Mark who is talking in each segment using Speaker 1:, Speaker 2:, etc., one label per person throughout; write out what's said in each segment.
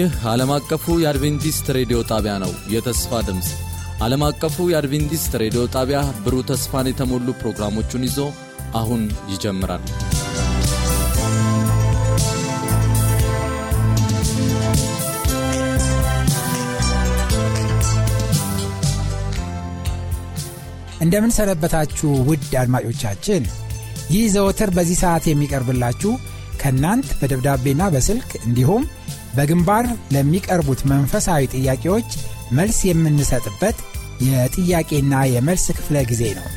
Speaker 1: ይህ ዓለም አቀፉ የአድቬንቲስት ሬዲዮ ጣቢያ ነው። የተስፋ ድምፅ ዓለም አቀፉ የአድቬንቲስት ሬዲዮ ጣቢያ ብሩህ ተስፋን የተሞሉ ፕሮግራሞቹን ይዞ አሁን ይጀምራል።
Speaker 2: እንደምን ሰነበታችሁ ውድ አድማጮቻችን። ይህ ዘወትር በዚህ ሰዓት የሚቀርብላችሁ ከእናንት በደብዳቤና በስልክ እንዲሁም በግንባር ለሚቀርቡት መንፈሳዊ ጥያቄዎች መልስ የምንሰጥበት የጥያቄና የመልስ ክፍለ ጊዜ ነው።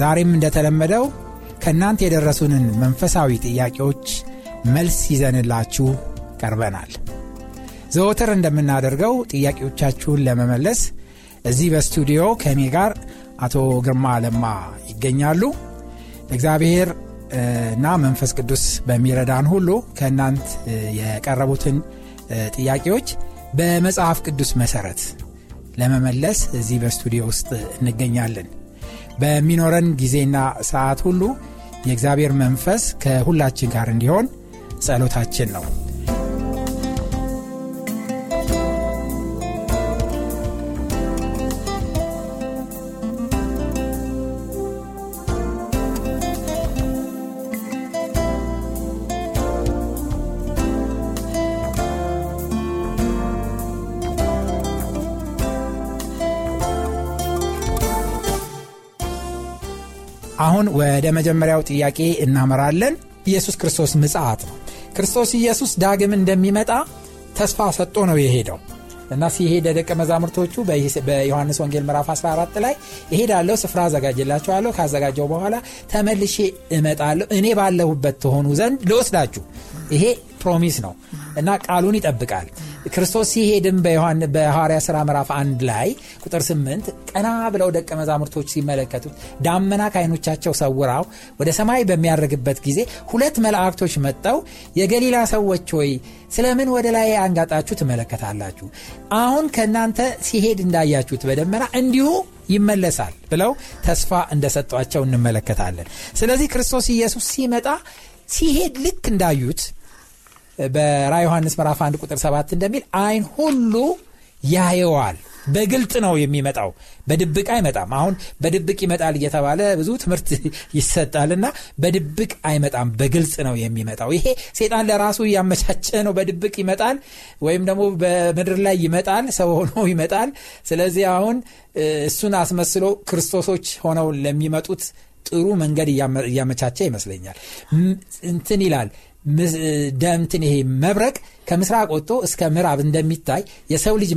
Speaker 2: ዛሬም እንደተለመደው ከእናንተ የደረሱንን መንፈሳዊ ጥያቄዎች መልስ ይዘንላችሁ ቀርበናል። ዘወትር እንደምናደርገው ጥያቄዎቻችሁን ለመመለስ እዚህ በስቱዲዮ ከእኔ ጋር አቶ ግርማ ለማ ይገኛሉ። እግዚአብሔር እና መንፈስ ቅዱስ በሚረዳን ሁሉ ከእናንት የቀረቡትን ጥያቄዎች በመጽሐፍ ቅዱስ መሰረት ለመመለስ እዚህ በስቱዲዮ ውስጥ እንገኛለን። በሚኖረን ጊዜና ሰዓት ሁሉ የእግዚአብሔር መንፈስ ከሁላችን ጋር እንዲሆን ጸሎታችን ነው። አሁን ወደ መጀመሪያው ጥያቄ እናመራለን። ኢየሱስ ክርስቶስ ምጽአት ነው። ክርስቶስ ኢየሱስ ዳግም እንደሚመጣ ተስፋ ሰጥቶ ነው የሄደው እና ሲሄደ ደቀ መዛሙርቶቹ በዮሐንስ ወንጌል ምዕራፍ 14 ላይ ይሄዳለሁ ስፍራ አዘጋጅላቸዋለሁ ካዘጋጀው በኋላ ተመልሼ እመጣለሁ፣ እኔ ባለሁበት ትሆኑ ዘንድ ልወስዳችሁ። ይሄ ፕሮሚስ ነው እና ቃሉን ይጠብቃል። ክርስቶስ ሲሄድም በሐዋርያ ሥራ ምዕራፍ አንድ ላይ ቁጥር ስምንት ቀና ብለው ደቀ መዛሙርቶች ሲመለከቱት ዳመና ከዓይኖቻቸው ሰውራው ወደ ሰማይ በሚያደርግበት ጊዜ ሁለት መላእክቶች መጠው የገሊላ ሰዎች ሆይ ስለምን ወደ ላይ አንጋጣችሁ ትመለከታላችሁ? አሁን ከእናንተ ሲሄድ እንዳያችሁት በደመና እንዲሁ ይመለሳል ብለው ተስፋ እንደሰጧቸው እንመለከታለን። ስለዚህ ክርስቶስ ኢየሱስ ሲመጣ ሲሄድ ልክ እንዳዩት በራ ዮሐንስ ምዕራፍ 1 ቁጥር 7 እንደሚል አይን ሁሉ ያየዋል። በግልጥ ነው የሚመጣው፣ በድብቅ አይመጣም። አሁን በድብቅ ይመጣል እየተባለ ብዙ ትምህርት ይሰጣልና በድብቅ አይመጣም፣ በግልጽ ነው የሚመጣው። ይሄ ሴጣን ለራሱ እያመቻቸ ነው። በድብቅ ይመጣል ወይም ደግሞ በምድር ላይ ይመጣል፣ ሰው ሆኖ ይመጣል። ስለዚህ አሁን እሱን አስመስሎ ክርስቶሶች ሆነው ለሚመጡት ጥሩ መንገድ እያመቻቸ ይመስለኛል። እንትን ይላል ደምትን ይሄ መብረቅ ከምስራቅ ወጥቶ እስከ ምዕራብ እንደሚታይ የሰው ልጅ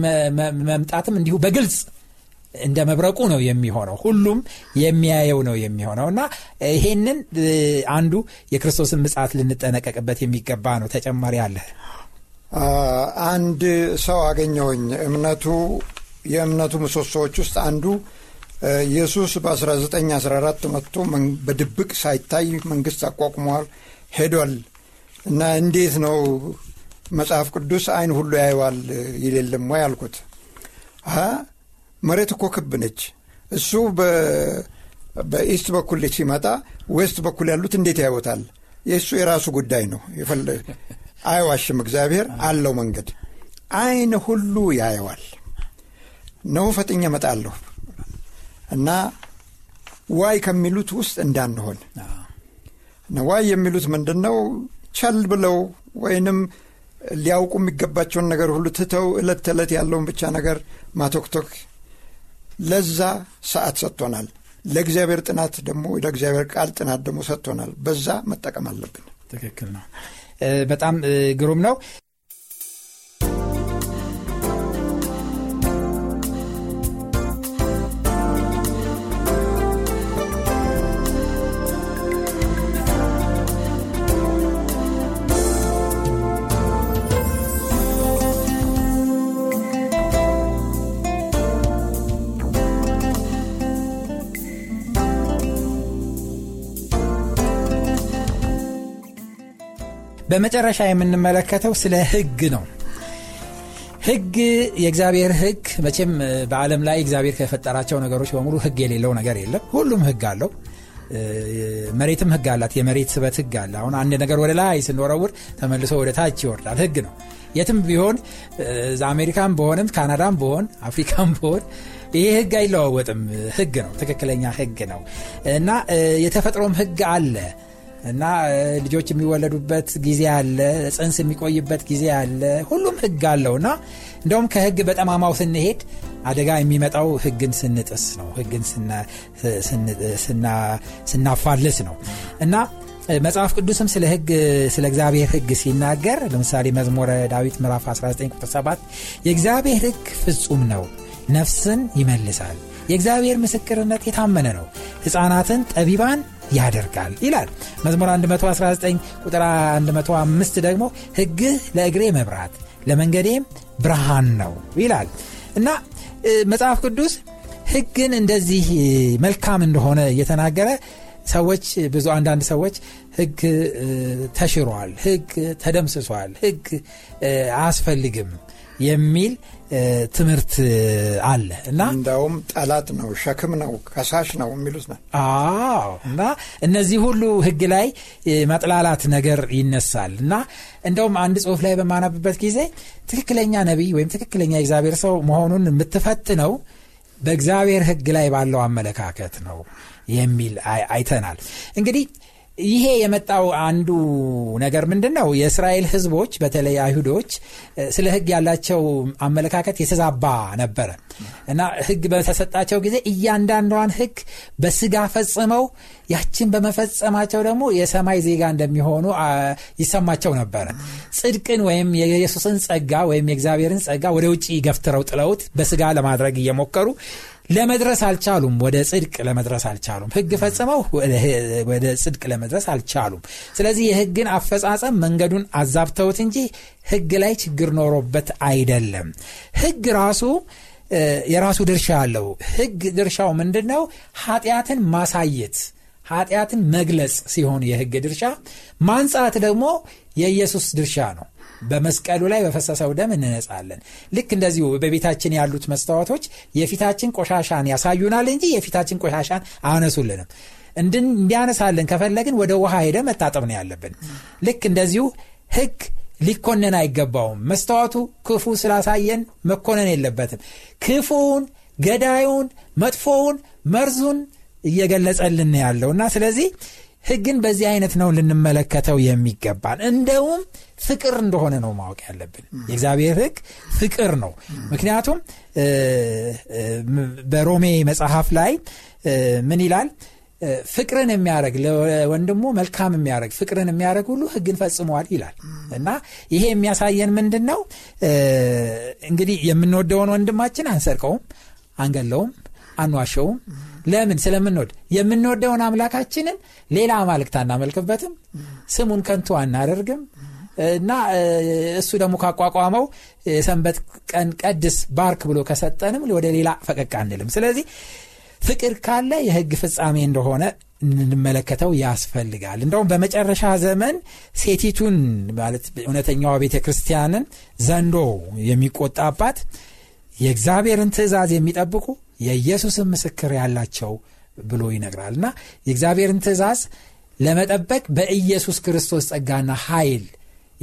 Speaker 2: መምጣትም እንዲሁ በግልጽ እንደ መብረቁ ነው የሚሆነው። ሁሉም የሚያየው ነው የሚሆነው እና ይሄንን አንዱ
Speaker 3: የክርስቶስን ምጻት
Speaker 2: ልንጠነቀቅበት የሚገባ ነው። ተጨማሪ አለ።
Speaker 3: አንድ ሰው አገኘውኝ እምነቱ የእምነቱ ምሰሶዎች ውስጥ አንዱ ኢየሱስ በ1914 መጥቶ በድብቅ ሳይታይ መንግስት አቋቁመዋል ሄዷል እና እንዴት ነው መጽሐፍ ቅዱስ አይን ሁሉ ያየዋል ይሌልም ወይ አልኩት። መሬት እኮ ክብ ነች። እሱ በኢስት በኩል ሲመጣ ዌስት በኩል ያሉት እንዴት ያዩታል? የእሱ የራሱ ጉዳይ ነው። አይዋሽም። እግዚአብሔር አለው መንገድ። አይን ሁሉ ያየዋል ነው ፈጥኝ መጣለሁ እና ዋይ ከሚሉት ውስጥ እንዳንሆን ዋይ የሚሉት ምንድን ነው? ቸል ብለው ወይንም ሊያውቁ የሚገባቸውን ነገር ሁሉ ትተው እለት ተዕለት ያለውን ብቻ ነገር ማቶክቶክ ለዛ ሰዓት ሰጥቶናል። ለእግዚአብሔር ጥናት ደግሞ ለእግዚአብሔር ቃል ጥናት ደግሞ ሰጥቶናል። በዛ መጠቀም አለብን። ትክክል ነው። በጣም ግሩም ነው።
Speaker 2: በመጨረሻ የምንመለከተው ስለ ህግ ነው። ህግ የእግዚአብሔር ህግ መቼም በዓለም ላይ እግዚአብሔር ከፈጠራቸው ነገሮች በሙሉ ህግ የሌለው ነገር የለም። ሁሉም ህግ አለው። መሬትም ህግ አላት። የመሬት ስበት ህግ አለ። አሁን አንድ ነገር ወደ ላይ ስንወረውር ተመልሶ ወደ ታች ይወርዳል። ህግ ነው። የትም ቢሆን አሜሪካም በሆንም ካናዳም በሆን አፍሪካም በሆን ይሄ ህግ አይለዋወጥም። ህግ ነው። ትክክለኛ ህግ ነው እና የተፈጥሮም ህግ አለ እና ልጆች የሚወለዱበት ጊዜ አለ፣ ጽንስ የሚቆይበት ጊዜ አለ። ሁሉም ህግ አለው እና እንደውም ከህግ በጠማማው ስንሄድ አደጋ የሚመጣው ህግን ስንጥስ ነው፣ ህግን ስናፋልስ ነው እና መጽሐፍ ቅዱስም ስለ ህግ ስለ እግዚአብሔር ህግ ሲናገር ለምሳሌ መዝሙረ ዳዊት ምዕራፍ 19 ቁጥር 7 የእግዚአብሔር ህግ ፍጹም ነው፣ ነፍስን ይመልሳል። የእግዚአብሔር ምስክርነት የታመነ ነው፣ ሕፃናትን ጠቢባን ያደርጋል ይላል መዝሙር 119 ቁጥር 105 ደግሞ ህግህ ለእግሬ መብራት ለመንገዴም ብርሃን ነው ይላል እና መጽሐፍ ቅዱስ ህግን እንደዚህ መልካም እንደሆነ እየተናገረ ሰዎች ብዙ አንዳንድ ሰዎች ህግ ተሽሯል፣ ህግ ተደምስሷል፣ ህግ አያስፈልግም
Speaker 3: የሚል ትምህርት አለ እና እንዳውም ጠላት ነው፣ ሸክም ነው፣ ከሳሽ ነው የሚሉት ነው።
Speaker 2: አዎ እና እነዚህ ሁሉ ህግ ላይ መጥላላት ነገር ይነሳል እና እንደውም አንድ ጽሁፍ ላይ በማነብበት ጊዜ ትክክለኛ ነቢይ ወይም ትክክለኛ የእግዚአብሔር ሰው መሆኑን የምትፈትነው በእግዚአብሔር ህግ ላይ ባለው አመለካከት ነው የሚል አይተናል እንግዲህ ይሄ የመጣው አንዱ ነገር ምንድን ነው? የእስራኤል ህዝቦች በተለይ አይሁዶች ስለ ህግ ያላቸው አመለካከት የተዛባ ነበረ እና ህግ በተሰጣቸው ጊዜ እያንዳንዷን ህግ በስጋ ፈጽመው ያችን በመፈጸማቸው ደግሞ የሰማይ ዜጋ እንደሚሆኑ ይሰማቸው ነበረ። ጽድቅን ወይም የኢየሱስን ጸጋ ወይም የእግዚአብሔርን ጸጋ ወደ ውጭ ገፍትረው ጥለውት በስጋ ለማድረግ እየሞከሩ ለመድረስ አልቻሉም። ወደ ጽድቅ ለመድረስ አልቻሉም። ህግ ፈጽመው ወደ ጽድቅ ለመድረስ አልቻሉም። ስለዚህ የህግን አፈጻጸም መንገዱን አዛብተውት እንጂ ህግ ላይ ችግር ኖሮበት አይደለም። ህግ ራሱ የራሱ ድርሻ አለው። ህግ ድርሻው ምንድን ነው? ኃጢአትን ማሳየት ኃጢአትን መግለጽ ሲሆን የህግ ድርሻ ማንጻት ደግሞ የኢየሱስ ድርሻ ነው። በመስቀሉ ላይ በፈሰሰው ደም እንነጻለን። ልክ እንደዚሁ በቤታችን ያሉት መስተዋቶች የፊታችን ቆሻሻን ያሳዩናል እንጂ የፊታችን ቆሻሻን አያነሱልንም። እንዲያነሳልን ከፈለግን ወደ ውሃ ሄደ መታጠብ ነው ያለብን። ልክ እንደዚሁ ህግ ሊኮነን አይገባውም። መስተዋቱ ክፉ ስላሳየን መኮነን የለበትም። ክፉውን፣ ገዳዩን፣ መጥፎውን፣ መርዙን እየገለጸልን እና ስለዚህ ህግን በዚህ አይነት ነው ልንመለከተው የሚገባን እንደውም ፍቅር እንደሆነ ነው ማወቅ ያለብን የእግዚአብሔር ህግ ፍቅር ነው ምክንያቱም በሮሜ መጽሐፍ ላይ ምን ይላል ፍቅርን የሚያደረግ ለወንድሞ መልካም የሚያደረግ ፍቅርን የሚያደረግ ሁሉ ህግን ፈጽሟል ይላል እና ይሄ የሚያሳየን ምንድን ነው እንግዲህ የምንወደውን ወንድማችን አንሰርቀውም አንገለውም አኗሸውም ለምን ስለምንወድ የምንወደውን አምላካችንን ሌላ አማልክት አናመልክበትም ስሙን ከንቱ አናደርግም እና እሱ ደግሞ ካቋቋመው የሰንበት ቀን ቀድስ ባርክ ብሎ ከሰጠንም ወደ ሌላ ፈቀቅ አንልም ስለዚህ ፍቅር ካለ የህግ ፍጻሜ እንደሆነ እንመለከተው ያስፈልጋል እንደውም በመጨረሻ ዘመን ሴቲቱን ማለት እውነተኛዋ ቤተ ክርስቲያንን ዘንዶ የሚቆጣባት የእግዚአብሔርን ትእዛዝ የሚጠብቁ የኢየሱስን ምስክር ያላቸው ብሎ ይነግራል እና የእግዚአብሔርን ትእዛዝ ለመጠበቅ በኢየሱስ ክርስቶስ ጸጋና ኃይል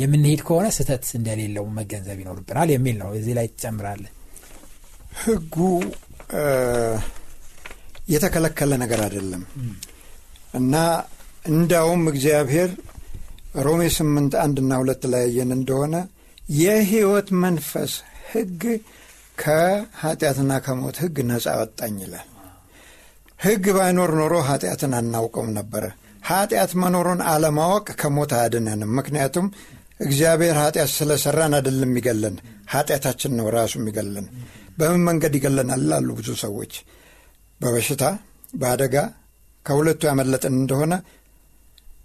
Speaker 2: የምንሄድ ከሆነ ስህተት እንደሌለው መገንዘብ ይኖርብናል የሚል ነው። እዚህ ላይ ትጨምራለ
Speaker 3: ህጉ የተከለከለ ነገር አይደለም እና እንዳውም እግዚአብሔር ሮሜ ስምንት አንድና ሁለት ላይ ያየን እንደሆነ የህይወት መንፈስ ህግ ከኃጢአትና ከሞት ህግ ነጻ ወጣኝ ይላል። ህግ ባይኖር ኖሮ ኃጢአትን አናውቀውም ነበረ። ኃጢአት መኖሩን አለማወቅ ከሞት አያድነንም። ምክንያቱም እግዚአብሔር ኃጢአት ስለሰራን አደለም ይገለን ኃጢአታችን ነው ራሱ ይገለን በምን መንገድ ይገለናል ላሉ ብዙ ሰዎች በበሽታ በአደጋ ከሁለቱ ያመለጥን እንደሆነ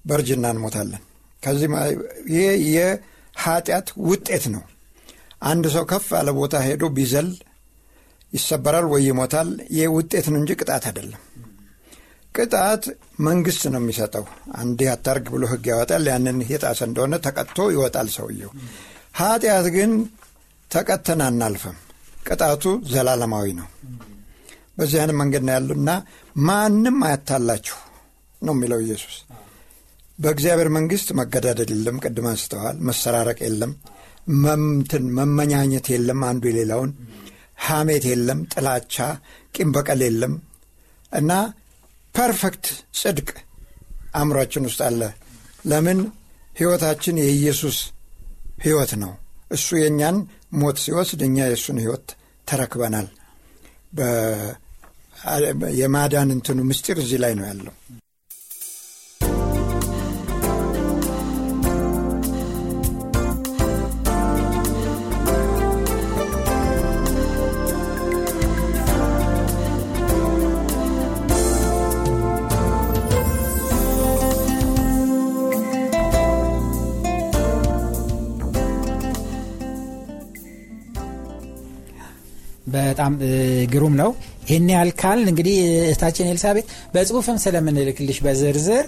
Speaker 3: በእርጅና እንሞታለን። ከዚህ ይሄ የኃጢአት ውጤት ነው። አንድ ሰው ከፍ ያለ ቦታ ሄዶ ቢዘል ይሰበራል ወይ ይሞታል። ይህ ውጤት ነው እንጂ ቅጣት አይደለም። ቅጣት መንግስት ነው የሚሰጠው። አንድ አታርግ ብሎ ህግ ያወጣል። ያንን የጣሰ እንደሆነ ተቀጥቶ ይወጣል ሰውየው። ኃጢአት ግን ተቀተን አናልፈም። ቅጣቱ ዘላለማዊ ነው። በዚህ አይነት መንገድ ነው ያሉና ማንም አያታላችሁ ነው የሚለው ኢየሱስ። በእግዚአብሔር መንግስት መገዳደል የለም፣ ቅድም አንስተዋል። መሰራረቅ የለም፣ መምትን መመኛኘት የለም አንዱ የሌላውን ሐሜት የለም ጥላቻ ቂም በቀል የለም እና ፐርፌክት ጽድቅ አእምሯችን ውስጥ አለ ለምን ሕይወታችን የኢየሱስ ሕይወት ነው እሱ የእኛን ሞት ሲወስድ እኛ የእሱን ሕይወት ተረክበናል የማዳን እንትኑ ምስጢር እዚህ ላይ ነው ያለው
Speaker 2: በጣም ግሩም ነው። ይህን ያህል እንግዲህ እህታችን ኤልሳቤት በጽሁፍም ስለምንልክልሽ በዝርዝር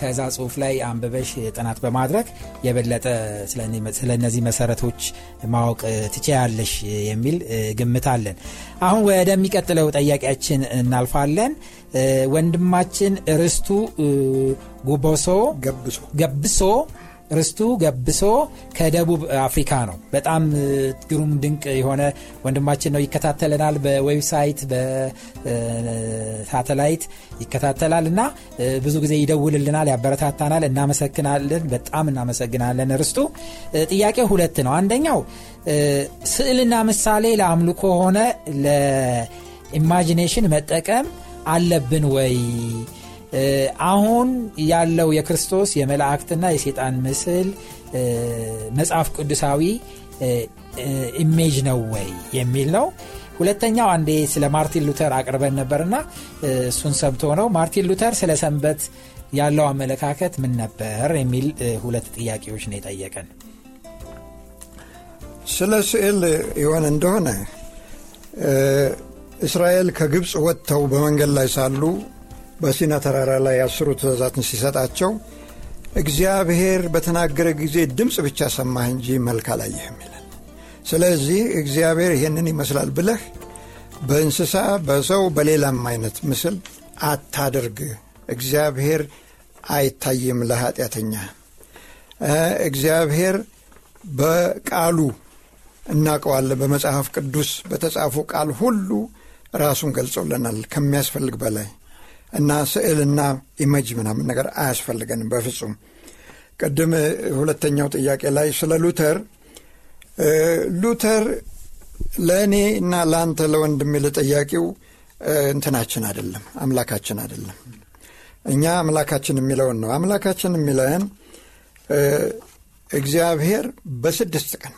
Speaker 2: ከዛ ጽሁፍ ላይ አንብበሽ ጥናት በማድረግ የበለጠ ስለ እነዚህ መሰረቶች ማወቅ ትችያለሽ የሚል ግምት አለን። አሁን ወደሚቀጥለው ጠያቂያችን እናልፋለን። ወንድማችን ርስቱ ጉቦሶ ገብሶ ርስቱ ገብሶ ከደቡብ አፍሪካ ነው። በጣም ግሩም ድንቅ የሆነ ወንድማችን ነው። ይከታተለናል፣ በዌብሳይት በሳተላይት ይከታተላል እና ብዙ ጊዜ ይደውልልናል፣ ያበረታታናል። እናመሰግናለን፣ በጣም እናመሰግናለን። ርስቱ ጥያቄ ሁለት ነው። አንደኛው ስዕልና ምሳሌ ለአምልኮ ሆነ ለኢማጂኔሽን መጠቀም አለብን ወይ አሁን ያለው የክርስቶስ የመላእክትና የሴጣን ምስል መጽሐፍ ቅዱሳዊ ኢሜጅ ነው ወይ የሚል ነው። ሁለተኛው አንዴ ስለ ማርቲን ሉተር አቅርበን ነበርና እሱን ሰምቶ ነው ማርቲን ሉተር ስለ ሰንበት ያለው አመለካከት ምን ነበር
Speaker 3: የሚል ሁለት ጥያቄዎች ነው የጠየቀን። ስለ ስዕል ይሆን እንደሆነ እስራኤል ከግብፅ ወጥተው በመንገድ ላይ ሳሉ በሲና ተራራ ላይ አስሩ ትእዛዛትን ሲሰጣቸው እግዚአብሔር በተናገረ ጊዜ ድምፅ ብቻ ሰማህ እንጂ መልክ አላየህም ይላል። ስለዚህ እግዚአብሔር ይህንን ይመስላል ብለህ በእንስሳ በሰው በሌላም አይነት ምስል አታድርግ። እግዚአብሔር አይታይም ለኃጢአተኛ። እግዚአብሔር በቃሉ እናውቀዋለን። በመጽሐፍ ቅዱስ በተጻፉ ቃል ሁሉ ራሱን ገልጾልናል ከሚያስፈልግ በላይ እና ስዕልና ኢመጅ ምናምን ነገር አያስፈልገንም በፍጹም። ቅድም ሁለተኛው ጥያቄ ላይ ስለ ሉተር ሉተር ለእኔ እና ለአንተ ለወንድሜ ለጠያቂው እንትናችን አይደለም፣ አምላካችን አይደለም። እኛ አምላካችን የሚለውን ነው። አምላካችን የሚለን እግዚአብሔር በስድስት ቀን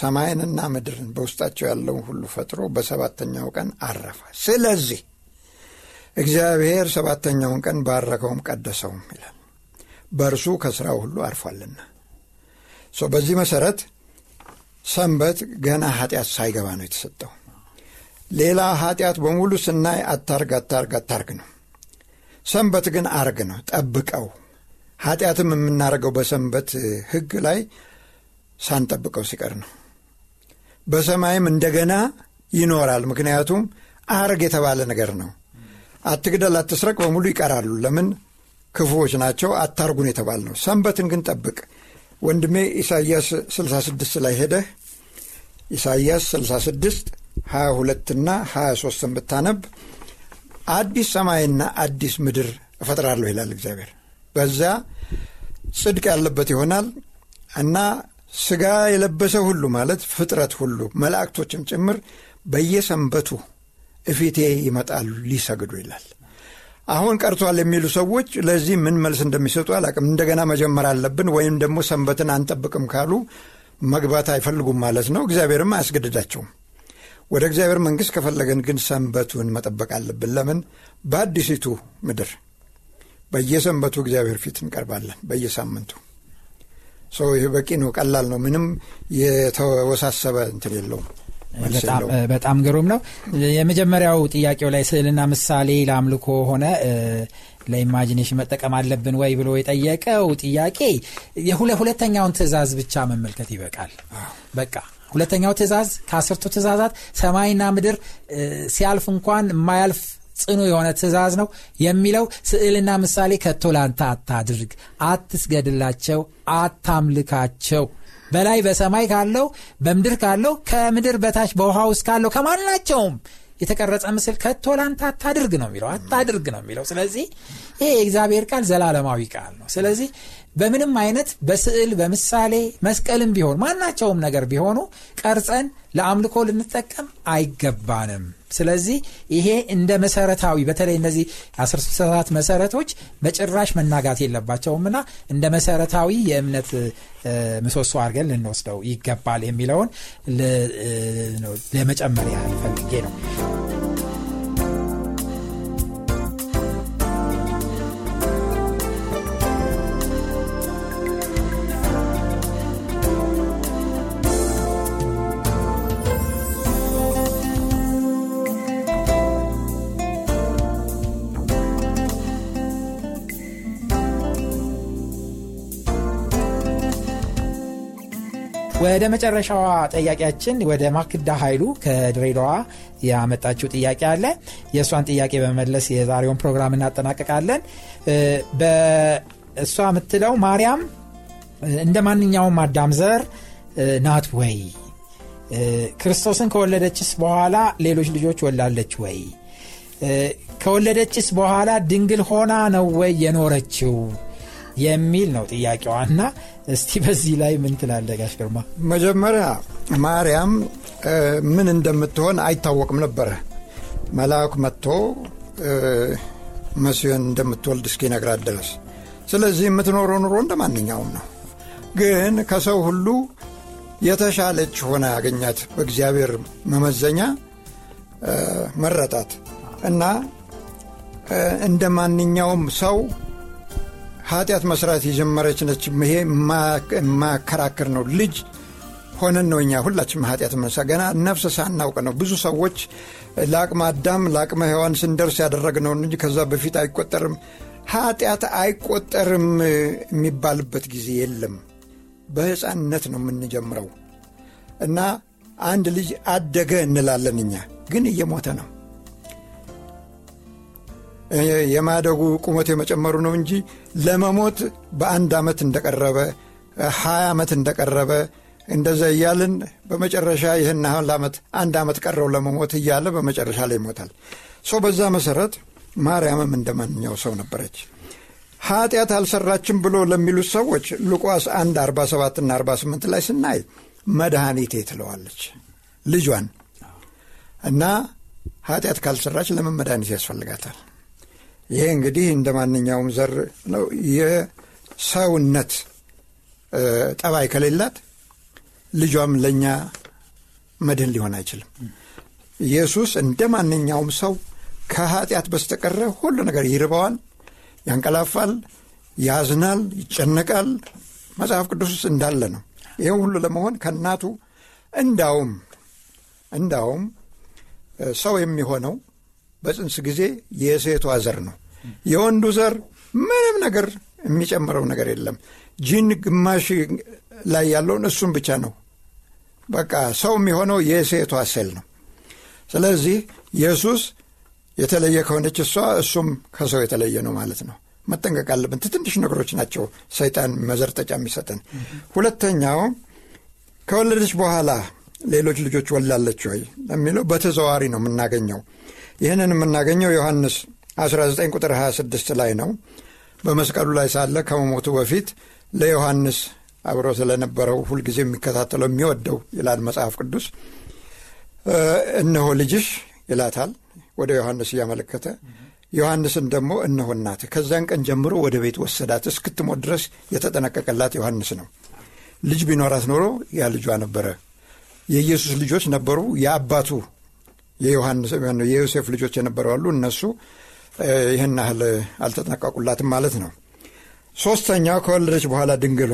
Speaker 3: ሰማይንና ምድርን በውስጣቸው ያለውን ሁሉ ፈጥሮ በሰባተኛው ቀን አረፈ። ስለዚህ እግዚአብሔር ሰባተኛውን ቀን ባረከውም ቀደሰውም ይላል በእርሱ ከሥራው ሁሉ አርፏልና በዚህ መሠረት ሰንበት ገና ኃጢአት ሳይገባ ነው የተሰጠው ሌላ ኃጢአት በሙሉ ስናይ አታርግ አታርግ አታርግ ነው ሰንበት ግን አርግ ነው ጠብቀው ኃጢአትም የምናደርገው በሰንበት ህግ ላይ ሳንጠብቀው ሲቀር ነው በሰማይም እንደገና ይኖራል ምክንያቱም አርግ የተባለ ነገር ነው አትግደል፣ አትስረቅ በሙሉ ይቀራሉ። ለምን ክፉዎች ናቸው፣ አታርጉን የተባል ነው። ሰንበትን ግን ጠብቅ። ወንድሜ ኢሳይያስ 66 ላይ ሄደህ ኢሳይያስ 66 22ና 23 ብታነብ አዲስ ሰማይና አዲስ ምድር እፈጥራለሁ ይላል እግዚአብሔር። በዚያ ጽድቅ ያለበት ይሆናል እና ስጋ የለበሰ ሁሉ ማለት ፍጥረት ሁሉ መላእክቶችም ጭምር በየሰንበቱ እፊቴ ይመጣሉ ሊሰግዱ ይላል። አሁን ቀርቷል የሚሉ ሰዎች ለዚህ ምን መልስ እንደሚሰጡ አላቅም። እንደገና መጀመር አለብን ወይም ደግሞ ሰንበትን አንጠብቅም ካሉ መግባት አይፈልጉም ማለት ነው። እግዚአብሔርም አያስገድዳቸውም። ወደ እግዚአብሔር መንግሥት ከፈለገን ግን ሰንበቱን መጠበቅ አለብን። ለምን? በአዲሲቱ ምድር በየሰንበቱ እግዚአብሔር ፊት እንቀርባለን በየሳምንቱ ሰው ይህ በቂ ነው፣ ቀላል ነው። ምንም የተወሳሰበ እንትን የለውም።
Speaker 2: በጣም ግሩም ነው። የመጀመሪያው ጥያቄው ላይ ስዕልና ምሳሌ ለአምልኮ ሆነ ለኢማጂኔሽን መጠቀም አለብን ወይ ብሎ የጠየቀው ጥያቄ ሁለተኛውን ትዕዛዝ ብቻ መመልከት ይበቃል። በቃ ሁለተኛው ትዕዛዝ ከአስርቱ ትዕዛዛት ሰማይና ምድር ሲያልፍ እንኳን የማያልፍ ጽኑ የሆነ ትዕዛዝ ነው የሚለው ስዕልና ምሳሌ ከቶ ላንተ አታድርግ፣ አትስገድላቸው፣ አታምልካቸው በላይ በሰማይ ካለው በምድር ካለው ከምድር በታች በውሃ ውስጥ ካለው ከማናቸውም የተቀረጸ ምስል ከቶ ላንተ አታድርግ ነው የሚለው አታድርግ ነው የሚለው ስለዚህ ይሄ የእግዚአብሔር ቃል ዘላለማዊ ቃል ነው ስለዚህ በምንም አይነት በስዕል በምሳሌ መስቀልም ቢሆን ማናቸውም ነገር ቢሆኑ ቀርጸን ለአምልኮ ልንጠቀም አይገባንም ስለዚህ ይሄ እንደ መሰረታዊ በተለይ እነዚህ አስር መሰረቶች በጭራሽ መናጋት የለባቸውም ና እንደ መሰረታዊ የእምነት ምሰሶ አድርገን ልንወስደው ይገባል የሚለውን ለመጨመሪያ ፈልጌ ነው። ወደ መጨረሻዋ ጠያቂያችን ወደ ማክዳ ኃይሉ ከድሬዳዋ ያመጣችው ጥያቄ አለ። የእሷን ጥያቄ በመለስ የዛሬውን ፕሮግራም እናጠናቀቃለን። በእሷ የምትለው ማርያም እንደ ማንኛውም አዳም ዘር ናት ወይ? ክርስቶስን ከወለደችስ በኋላ ሌሎች ልጆች ወላለች ወይ? ከወለደችስ በኋላ ድንግል ሆና ነው ወይ የኖረችው የሚል ነው ጥያቄዋ እና። እስቲ በዚህ ላይ ምን ትላለ ጋሽ ግርማ?
Speaker 3: መጀመሪያ ማርያም ምን እንደምትሆን አይታወቅም ነበረ። መልአክ መጥቶ መስዮን እንደምትወልድ ነግራት ድረስ። ስለዚህ የምትኖረ ኑሮ እንደ ማንኛውም ነው። ግን ከሰው ሁሉ የተሻለች ሆነ ያገኛት በእግዚአብሔር መመዘኛ መረጣት እና እንደ ማንኛውም ሰው ኃጢአት መስራት የጀመረች ነች። ይሄ የማከራክር ነው። ልጅ ሆነን ነው እኛ ሁላችንም ኃጢአት መሳ ገና ነፍስ ሳናውቅ ነው። ብዙ ሰዎች ለአቅመ አዳም ለአቅመ ሔዋን ስንደርስ ነው እንጂ ከዛ በፊት አይቆጠርም ኃጢአት አይቆጠርም የሚባልበት ጊዜ የለም። በሕፃንነት ነው የምንጀምረው እና አንድ ልጅ አደገ እንላለን እኛ ግን እየሞተ ነው። የማደጉ ቁመቱ የመጨመሩ ነው እንጂ ለመሞት በአንድ ዓመት እንደቀረበ ሀያ ዓመት እንደቀረበ እንደዛ እያልን በመጨረሻ ይህን ያህል ዓመት አንድ ዓመት ቀረው ለመሞት እያለ በመጨረሻ ላይ ይሞታል። ሶ በዛ መሰረት ማርያምም እንደ ማንኛው ሰው ነበረች። ኃጢአት አልሰራችም ብሎ ለሚሉት ሰዎች ሉቃስ 1 47 እና 48 ላይ ስናይ መድኃኒቴ ትለዋለች ልጇን እና ኃጢአት ካልሰራች ለምን መድኃኒት ያስፈልጋታል? ይሄ እንግዲህ እንደ ማንኛውም ዘር ነው። የሰውነት ጠባይ ከሌላት ልጇም ለእኛ መድህን ሊሆን አይችልም። ኢየሱስ እንደ ማንኛውም ሰው ከኃጢአት በስተቀረ ሁሉ ነገር ይርበዋል፣ ያንቀላፋል፣ ያዝናል፣ ይጨነቃል። መጽሐፍ ቅዱስ ውስጥ እንዳለ ነው። ይህም ሁሉ ለመሆን ከእናቱ እንዳውም እንዳውም ሰው የሚሆነው በጽንስ ጊዜ የሴቷ ዘር ነው። የወንዱ ዘር ምንም ነገር የሚጨምረው ነገር የለም። ጂን ግማሽ ላይ ያለውን እሱም ብቻ ነው። በቃ ሰው የሚሆነው የሴቷ ሴል ነው። ስለዚህ ኢየሱስ የተለየ ከሆነች እሷ እሱም ከሰው የተለየ ነው ማለት ነው። መጠንቀቅ አለብን። ትንሽ ነገሮች ናቸው ሰይጣን መዘርጠጫ የሚሰጠን። ሁለተኛው ከወለደች በኋላ ሌሎች ልጆች ወላለች ወይ ለሚለው በተዘዋሪ ነው የምናገኘው። ይህንን የምናገኘው ዮሐንስ 19 ቁጥር 26 ላይ ነው። በመስቀሉ ላይ ሳለ ከመሞቱ በፊት ለዮሐንስ አብሮ ስለነበረው ሁልጊዜ የሚከታተለው የሚወደው ይላል መጽሐፍ ቅዱስ። እነሆ ልጅሽ ይላታል ወደ ዮሐንስ እያመለከተ ዮሐንስን ደግሞ እነሆ እናት ከዚያን ቀን ጀምሮ ወደ ቤት ወሰዳት እስክትሞት ድረስ የተጠነቀቀላት ዮሐንስ ነው። ልጅ ቢኖራት ኖሮ ያ ልጇ ነበረ። የኢየሱስ ልጆች ነበሩ የአባቱ የዮሐንስ የዮሴፍ ልጆች የነበሩ አሉ እነሱ ይህን ያህል አልተጠነቀቁላትም ማለት ነው። ሶስተኛው ከወለደች በኋላ ድንግል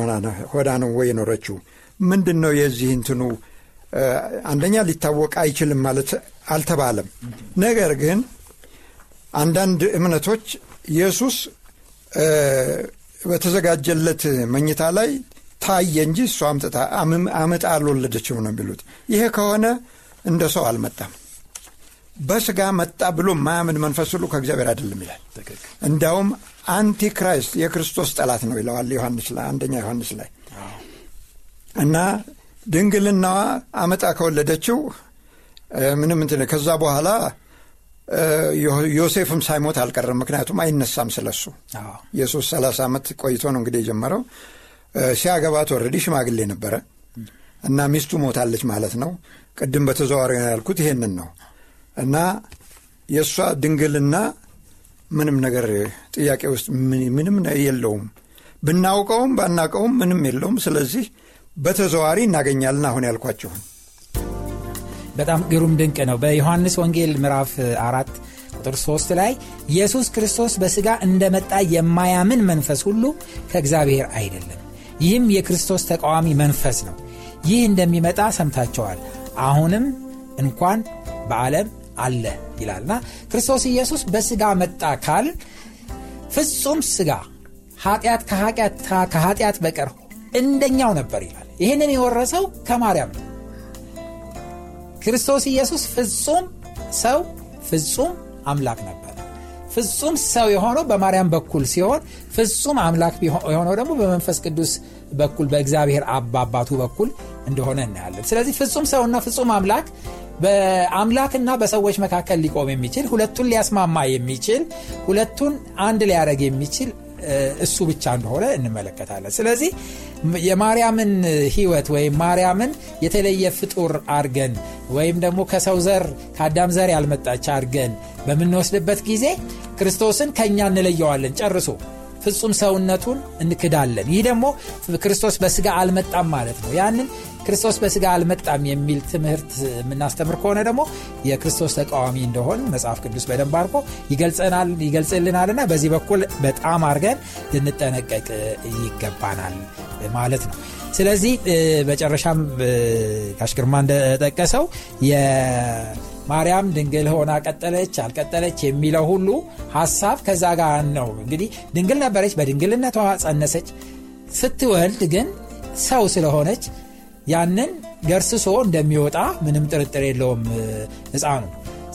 Speaker 3: ሆና ነው ወይ የኖረችው? ምንድን ነው የዚህ እንትኑ አንደኛ ሊታወቅ አይችልም ማለት አልተባለም። ነገር ግን አንዳንድ እምነቶች ኢየሱስ በተዘጋጀለት መኝታ ላይ ታየ እንጂ እሷ አምጥታ አልወለደችም ነው የሚሉት። ይሄ ከሆነ እንደ ሰው አልመጣም። በስጋ መጣ ብሎ ማያምን መንፈስ ሁሉ ከእግዚአብሔር አይደለም ይላል። እንዲያውም አንቲክራይስት የክርስቶስ ጠላት ነው ይለዋል ዮሐንስ ላይ አንደኛ ዮሐንስ ላይ እና ድንግልናዋ አመጣ ከወለደችው ምንም እንትን ከዛ በኋላ ዮሴፍም ሳይሞት አልቀረም። ምክንያቱም አይነሳም ስለሱ የሶስት ሰላሳ ዓመት ቆይቶ ነው እንግዲህ የጀመረው። ሲያገባት ወረዲ ሽማግሌ ነበረ እና ሚስቱ ሞታለች ማለት ነው። ቅድም በተዘዋሪ ያልኩት ይሄንን ነው። እና የእሷ ድንግልና ምንም ነገር ጥያቄ ውስጥ ምንም የለውም። ብናውቀውም ባናውቀውም ምንም የለውም። ስለዚህ በተዘዋሪ እናገኛልን አሁን ያልኳቸውን።
Speaker 2: በጣም ግሩም ድንቅ ነው። በዮሐንስ ወንጌል ምዕራፍ አራት ቁጥር 3 ላይ ኢየሱስ ክርስቶስ በሥጋ እንደመጣ የማያምን መንፈስ ሁሉ ከእግዚአብሔር አይደለም፣ ይህም የክርስቶስ ተቃዋሚ መንፈስ ነው። ይህ እንደሚመጣ ሰምታቸዋል፣ አሁንም እንኳን በዓለም አለ ይላልና ክርስቶስ ኢየሱስ በስጋ መጣ ካል ፍጹም ስጋ ኃጢአት ከኃጢአት በቀር እንደኛው ነበር ይላል። ይህንን የወረሰው ከማርያም ነው። ክርስቶስ ኢየሱስ ፍጹም ሰው፣ ፍጹም አምላክ ነበር። ፍጹም ሰው የሆነው በማርያም በኩል ሲሆን ፍጹም አምላክ የሆነው ደግሞ በመንፈስ ቅዱስ በኩል በእግዚአብሔር አባባቱ በኩል እንደሆነ እናያለን። ስለዚህ ፍጹም ሰውና ፍጹም አምላክ በአምላክና በሰዎች መካከል ሊቆም የሚችል ሁለቱን ሊያስማማ የሚችል ሁለቱን አንድ ሊያደረግ የሚችል እሱ ብቻ እንደሆነ እንመለከታለን። ስለዚህ የማርያምን ህይወት ወይም ማርያምን የተለየ ፍጡር አድርገን ወይም ደግሞ ከሰው ዘር ከአዳም ዘር ያልመጣች አድርገን በምንወስድበት ጊዜ ክርስቶስን ከእኛ እንለየዋለን ጨርሶ ፍጹም ሰውነቱን እንክዳለን። ይህ ደግሞ ክርስቶስ በስጋ አልመጣም ማለት ነው። ያንን ክርስቶስ በስጋ አልመጣም የሚል ትምህርት የምናስተምር ከሆነ ደግሞ የክርስቶስ ተቃዋሚ እንደሆን መጽሐፍ ቅዱስ በደንብ ይገልጽልናል ይገልጽልናልና በዚህ በኩል በጣም አድርገን ልንጠነቀቅ ይገባናል ማለት ነው። ስለዚህ መጨረሻም ጋሽ ግርማ እንደጠቀሰው ማርያም ድንግል ሆና ቀጠለች አልቀጠለች የሚለው ሁሉ ሀሳብ ከዛ ጋር ነው። እንግዲህ ድንግል ነበረች፣ በድንግልነቷ ጸነሰች። ስትወልድ ግን ሰው ስለሆነች ያንን ገርስሶ እንደሚወጣ ምንም ጥርጥር የለውም ህፃኑ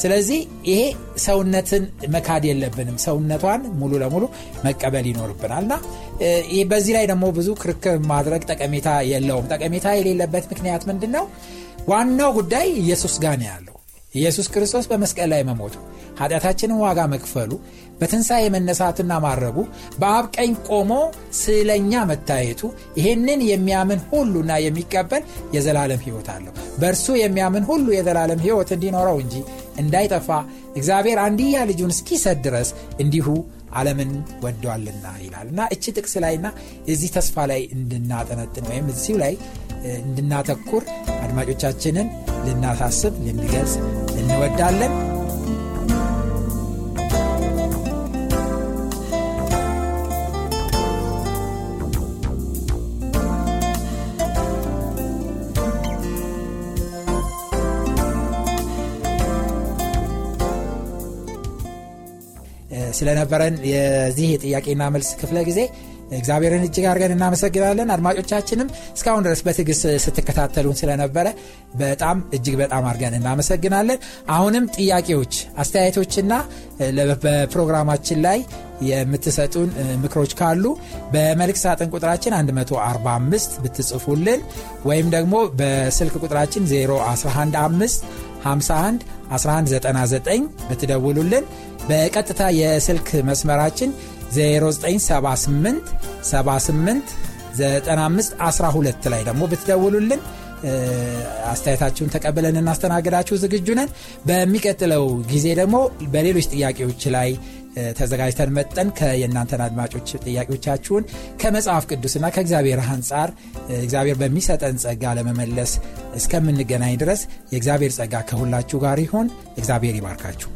Speaker 2: ስለዚህ ይሄ ሰውነትን መካድ የለብንም። ሰውነቷን ሙሉ ለሙሉ መቀበል ይኖርብናልና በዚህ ላይ ደግሞ ብዙ ክርክር ማድረግ ጠቀሜታ የለውም። ጠቀሜታ የሌለበት ምክንያት ምንድን ነው? ዋናው ጉዳይ ኢየሱስ ጋር ነው ያለው። ኢየሱስ ክርስቶስ በመስቀል ላይ መሞቱ፣ ኃጢአታችንን ዋጋ መክፈሉ፣ በትንሣኤ መነሳትና ማረጉ፣ በአብ ቀኝ ቆሞ ስለኛ መታየቱ ይህንን የሚያምን ሁሉና የሚቀበል የዘላለም ሕይወት አለው። በእርሱ የሚያምን ሁሉ የዘላለም ሕይወት እንዲኖረው እንጂ እንዳይጠፋ እግዚአብሔር አንድያ ልጁን እስኪሰድ ድረስ እንዲሁ ዓለምን ወዷልና ይላል እና እቺ ጥቅስ ላይና እዚህ ተስፋ ላይ እንድናጠነጥን ወይም እዚሁ ላይ እንድናተኩር አድማጮቻችንን ልናሳስብ ልንገልጽ እንወዳለን ስለነበረን የዚህ የጥያቄና መልስ ክፍለ ጊዜ እግዚአብሔርን እጅግ አድርገን እናመሰግናለን። አድማጮቻችንም እስካሁን ድረስ በትዕግስት ስትከታተሉን ስለነበረ በጣም እጅግ በጣም አድርገን እናመሰግናለን። አሁንም ጥያቄዎች፣ አስተያየቶችና በፕሮግራማችን ላይ የምትሰጡን ምክሮች ካሉ በመልክ ሳጥን ቁጥራችን 145 ብትጽፉልን ወይም ደግሞ በስልክ ቁጥራችን 0115 51 1199 ብትደውሉልን በቀጥታ የስልክ መስመራችን 0978 78 12 ላይ ደግሞ ብትደውሉልን አስተያየታችሁን ተቀብለን እናስተናግዳችሁ ዝግጁ ነን። በሚቀጥለው ጊዜ ደግሞ በሌሎች ጥያቄዎች ላይ ተዘጋጅተን መጠን የእናንተን አድማጮች ጥያቄዎቻችሁን ከመጽሐፍ ቅዱስና ከእግዚአብሔር አንጻር እግዚአብሔር በሚሰጠን ጸጋ ለመመለስ እስከምንገናኝ ድረስ የእግዚአብሔር ጸጋ ከሁላችሁ ጋር ይሆን። እግዚአብሔር ይባርካችሁ።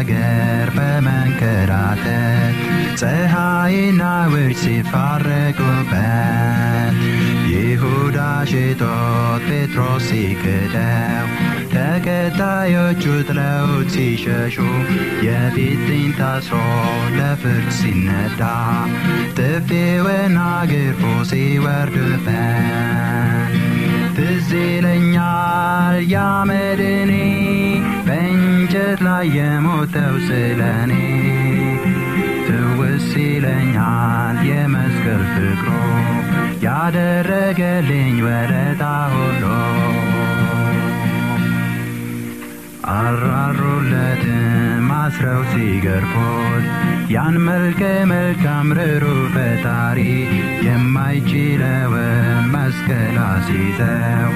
Speaker 1: ሀገር በመንከራተት ፀሐይና ውርጭ ሲፋረቁበት ይሁዳ ሽጦት ጴጥሮስ ሲክደው ተከታዮቹ ጥለውት ሲሸሹ የፊጥኝ ታስሮ ለፍርድ ሲነዳ ጥፌውና ግርፎ ሲወርድበት ትዝ ይለኛል ያመድኔ እንጨት ላይ የሞተው ስለኔ ትውስ ይለኛል የመስቀል ፍቅሮ ያደረገልኝ ወረታ ሆኖ አራሩለትም አስረው ሲገርፎት ያን መልከ መልካም ርሩ ፈጣሪ የማይችለውን መስቀል አስይዘው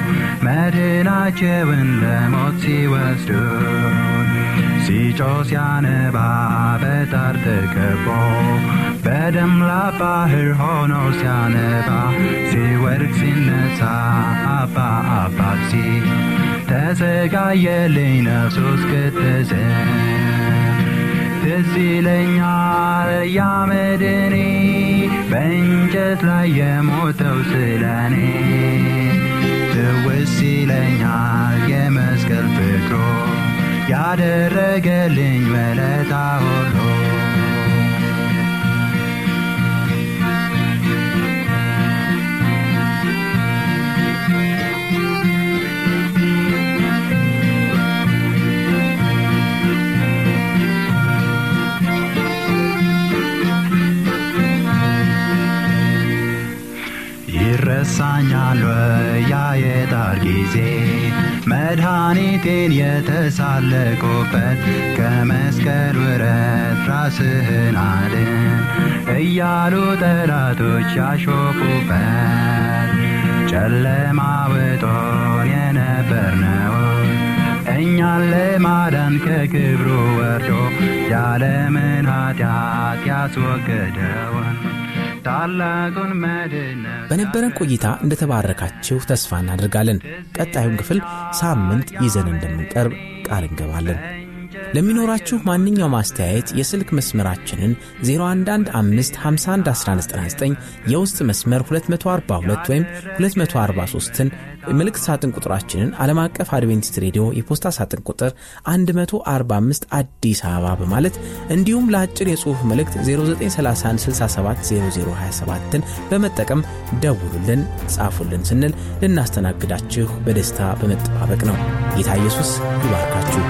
Speaker 1: መድናቸውን ለሞት ሲወስዱ ሲጮ ሲያነባ በጣር ተከቦ በደም ላባህር ሆኖ ሲያነባ ሲወርቅ ሲነሳ አባ አባት ሲል ተሰቃየልኝ ነፍሶ እስክትስን ትዝ ይለኛል ያመድኔ በእንጨት ላይ የሞተው ስለኔ ትውስ ይለኛል የመስቀል ፍቅሮ ያደረገልኝ ውለታ ሁሉ ያጽናኛል ያየጣር ጊዜ መድኃኒቴን የተሳለቁበት ከመስቀል ውረት ራስህን አድን እያሉ ጠላቶች ያሾፉበት ጨለማ ወጦን የነበር ነው። እኛን ለማዳን ከክብሩ ወርዶ ያለምን ኃጢአት ያስወገደውን ታላቁን
Speaker 2: በነበረን ቆይታ እንደተባረካችሁ ተስፋ እናደርጋለን። ቀጣዩን ክፍል ሳምንት ይዘን እንደምንቀርብ ቃል እንገባለን። ለሚኖራችሁ ማንኛውም አስተያየት የስልክ መስመራችንን 011551199 የውስጥ መስመር 242 ወይም 243ን ምልክት ሳጥን ቁጥራችንን ዓለም አቀፍ አድቬንቲስት ሬዲዮ የፖስታ ሳጥን ቁጥር 145 አዲስ አበባ በማለት እንዲሁም ለአጭር የጽሑፍ መልእክት 67027 ን በመጠቀም ደውሉልን፣ ጻፉልን ስንል ልናስተናግዳችሁ በደስታ በመጠባበቅ ነው። ጌታ ኢየሱስ ይባርካችሁ።